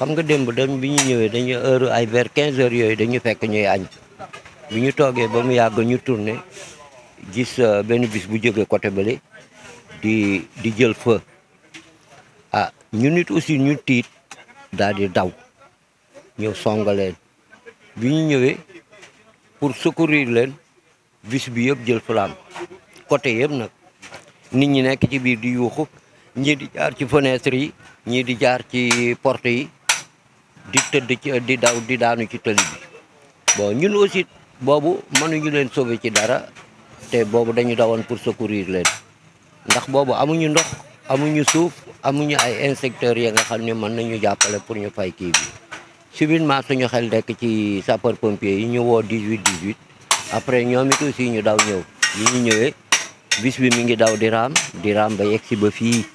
xam nga démb dañ bi ñu ñëwé dañu heure ay vers 15 heures yoy dañu fekk ñuy añ bi ñu toggé ba mu yag ñu tourné gis benn bis bu jëgé côté balé di di jël feu ah ñu nit aussi ñu tiit daal di daw ñeu songalé bi ñu ñëwé pour secourir leen bis bi yëpp jël flamme côté yëpp nak nit ñi nekk ci biir di yuuxu ñi di jaar ci fenêtre yi ñi di jaar ci porte yi di tëdd ci di daw di daanu ci teul bi bo ñun aussi bobu manu ñu leen sauver ci dara té bobu dañu dawon pour secourir leen ndax boobu amuñu ndox amuñu suuf amuñu ay insecteurs ya nga xam ne mën nañu jappalé pour ñu fay ki bi civil ma suñu xel nekk ci sapeur pompier yi ñu wo 18 18 après ñom it aussi ñu daw ñew yi ñu ñewé bis bi mi ngi daw di ram di ram ba yexi ba fi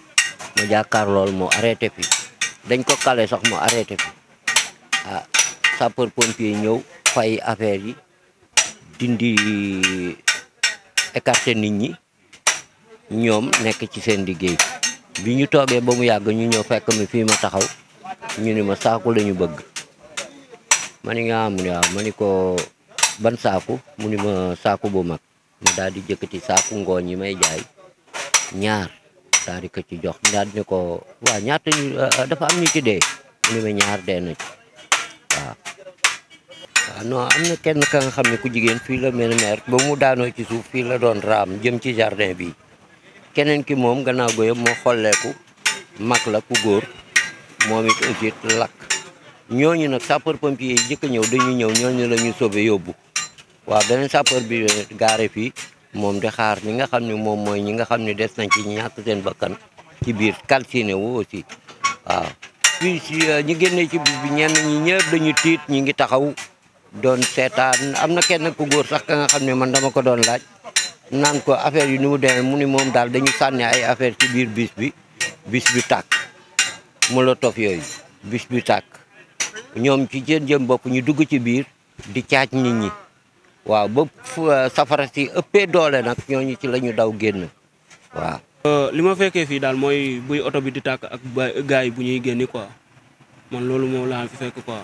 mo jaakar lol mo arrêté fi dañ ko kale sax mo arrêté fi ah sapeur pompier ñëw fay affaire dindi écarté nit ñi ñoom nekk ci seen liggéey bi ñu toogee ba mu yàgg ñu ñëw fekk mi fii ma taxaw ñu ni ma saaku lañu bëgg nga am a mani ko ban saaku mu ma saaku bu mag di jëkkati saaku ngooñ yi may jaay ñaar daal di ko ci jox daal ko waa ñaata ah, ah, dafa am ñu ci ni ñaar dee na no am na kenn ka nga xamni ne ku jigen fi la mel meer ba mu daano ci suuf fi la doon ram jëm ci jardin bi kenen ki mom gannaaw goy mo xolleeku mak la ku góor momit it aussi lakk ñooñu nak sapeur pompier jëk ñew dañu ñew ñooñu la ñu sauvé yóbbu sapeur bi garé fi mom de xaar ñi nga xamni mom moy ñi nga xamni dess des nañ ci ñatt seen bakkan ci biir calciné wu aussi wa fi ci euh, ñi génnee ci bi ñen ñi ñëpp dañu tiit ñi ngi taxaw. doon seetaan am na kenn ku góor sax ka nga xam ne man dama ko doon laaj naan ko affaire yu ni mu demee mu ni moom daal dañu sànni ay affaire ci biir bis bi bis bi tàkk molotov bis bi tàkk ñoom ci seen jëm bopp ñu dugg ci biir di caaj nit ñi waaw ba euh, safara si ëppee doole nag ñooñu ci la ñu daw génn waaw. Euh, li ma fekkee fii daal mooy buy oto bi di tàkk ak gaay bu ñuy génni quoi man loolu moo laa fi fekk quoi.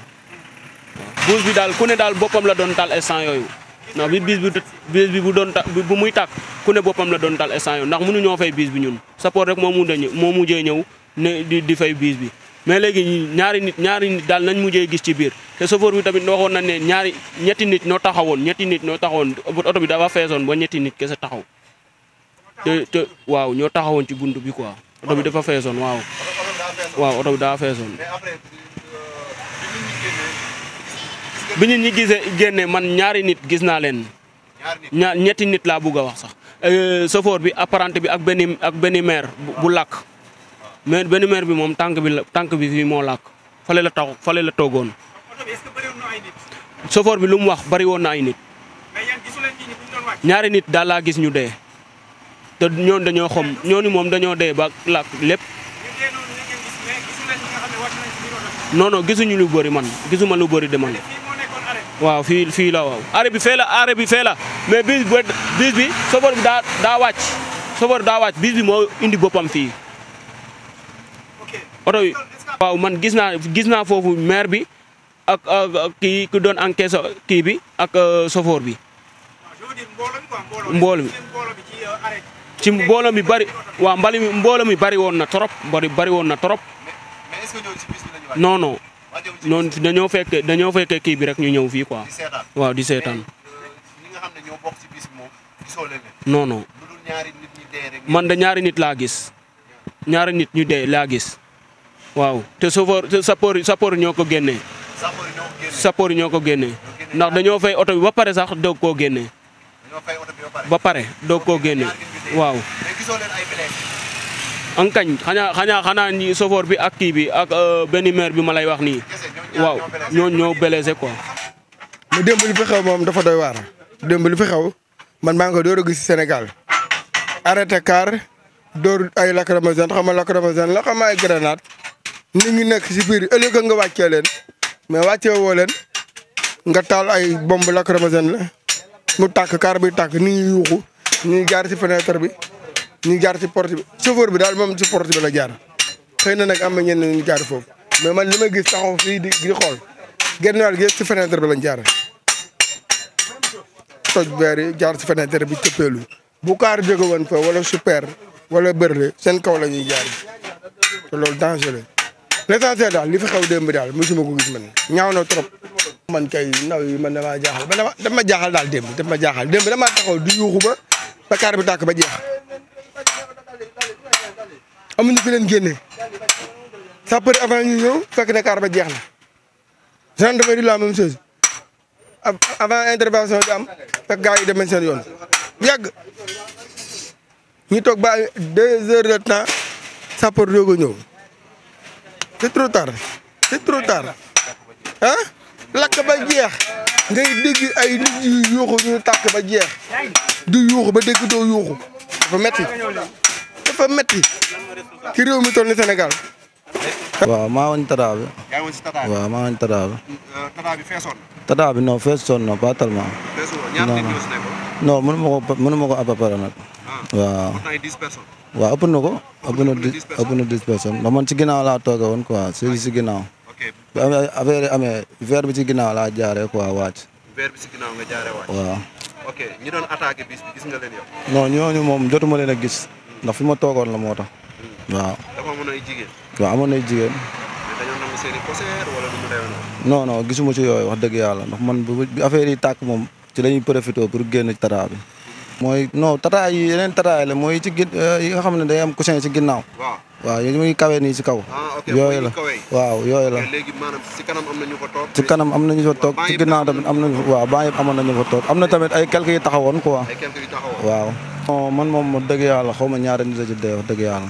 buus bi daal ku ne daal boppam la doon taal instant yooyu ndax bi bis bi bu doon ta bu muy tàkk ku ne boppam la doon taal instant yooyu ndax mënuñoo fay bis bi ñun support rek moo mujjee ñëw moo mujjee ñëw ne di di fay bis bi. mais léegi ñaari nit ñaari nit daal nañ mujjee gis ci biir te chauffeur bi tamit waxoon na ne ñaari ñetti nit ñoo taxawoon ñetti nit ñoo taxawoon oto bi dafa feesoon ba ñetti nit kese taxaw te te waaw ñoo taxawoon ci bunt bi quoi oto bi dafa feesoon waaw waaw bi ñu ñi gisee génne man ñaari nit gis naa leen ñaar ñetti nit laa bugg a wax sax euh, chauffeur bi apprenti bi ak benn ak bu làkk mais benn maire bi moom tànk bi la tànk bi fii moo làkk fale la taw fale la toogoon chauffeur bi lu mu wax bari woon na ay nit ñaari nit daal laa gis ñu dee te ñoon dañoo xom ñooni moom dañoo dee ba làkk lépp non non gisuñu lu bëri man gisuma lu bëri de man waaw fii fii la waaw arrêt bi fee la arrêt bi fee la mais bis bi bis bi sobor bi daa daa wàcc sobor daa wàcc bis bi moo indi boppam fii oto waaw man gis naa gis naa foofu maire bi ak kii ku doon enquête kii bi ak uh, chauffeur bi mboolo mi ci uh, mboolo bi bari waaw mbali mi bi bari woon na trop bari bari woon na trop non non noonu dañoo fekkee dañoo fekkee kii bi rek ñu ñëw fii ko waaw di seetaan. Euh, non non man da ñaari nit laa gis. ñaari nit ñu dee laa gis. waaw te chauffeur te sapeur sapeur ñoo ko génnee. sapeur ñoo ko génnee. ndax dañoo fay oto bi ba pare sax doog koo génnee. ba pare doog koo génnee waaw. ankañ xanaa xanaa xanaa ñi sofoor bi ak kii bi ak euh, benn maire bi ma lay wax nii waaw ñooñu ñoo blessé quoi. mais démb li fi xew moom dafa doy waar démb li fi xew man maa ngi door a gis si Sénégal arrêté car door ay lacrymogène xam nga lacrymogène la xam nga ay grenade nit nekk si biir ëllëg nga wàccee leen mais wàccee woo leen nga taal ay bomb lacrymogène la mu tàkk car bi tàkk nit ñi yuuxu ñuy jaar si fenêtre bi. ñu jaar ci porte bi chauffeur bi dal mom ci porte bi la jaar xeyna nak am ñen ñu jaar fofu mais man limay gis taxaw fi di di xool genn gi ci fenêtre bi la jaar toj weer jaar ci fenêtre bi teppelu bu car jëgë won fa wala super wala bërle sen kaw la ñuy jaar te lol danger la l'essentiel dal li fi xew démb dal musuma ko gis man ñaaw na trop man kay naw yi man dama jaaxal dama dama jaaxal dal démb dama jaaxal démb dama taxaw du yuuxu ba ba kaar bi tak ba jeex amuñu fi leen génne sapeur avant ñu ñëw fekk ne kaar ba jeex na gendarmerie la même chose avant intervention di am fekk gaay yi dem nañ seen yoon yàgg ñu toog ba 2 heures de temps sapeur doog a ñëw c'est trop tard c'est trop tard hein lak ba jeex ngay dégg ay nit yu yuuxu ñu tak ba jeex du yuuxu ba dégg do yuuxu dafa metti dafa metti ci réew ni Sénégal. waaw maa woon bi. yaa woon si tataa bi waaw maa woon tataa bi. Euh, pas tellement. feesul woon ñaata ma ko mënu nag. Ah. waaw pourtant dix personnes. waaw ëpp na ko. ëpp na dix ci ginnaaw laa toogee woon quoi si si ginnaaw. ok amee verre bi ci ginnaaw laa jaaree quoi wàcc. verre bi ci moom jotuma leen a gis. ndax fi ma toogoon la moo waaw. dafa amoon ay jigéen. waaw no gisumu jigéen. mais yooyu wax dëgg yàlla ndax man bi affaire yi tàkk moom ci la ñuy profité pour génn tataa bi. mooy non tataa yi yeneen tataa la mooy ci gin euh, yi nga xam ne day am coussin ci ginnaaw. waaw waaw yi muy kawe kaw. Ah, yooyu la waaw yooyu la. léegi maanaam si kanam am na ñu fa toog. ci kanam am na ñu fa toog am nañu fa waaw amoon nañu fa am na tamit ay quelques yu taxawoon quoi. ay quelques man moom dëgg yàlla xaw ma ñaari nit la dëgg yàlla.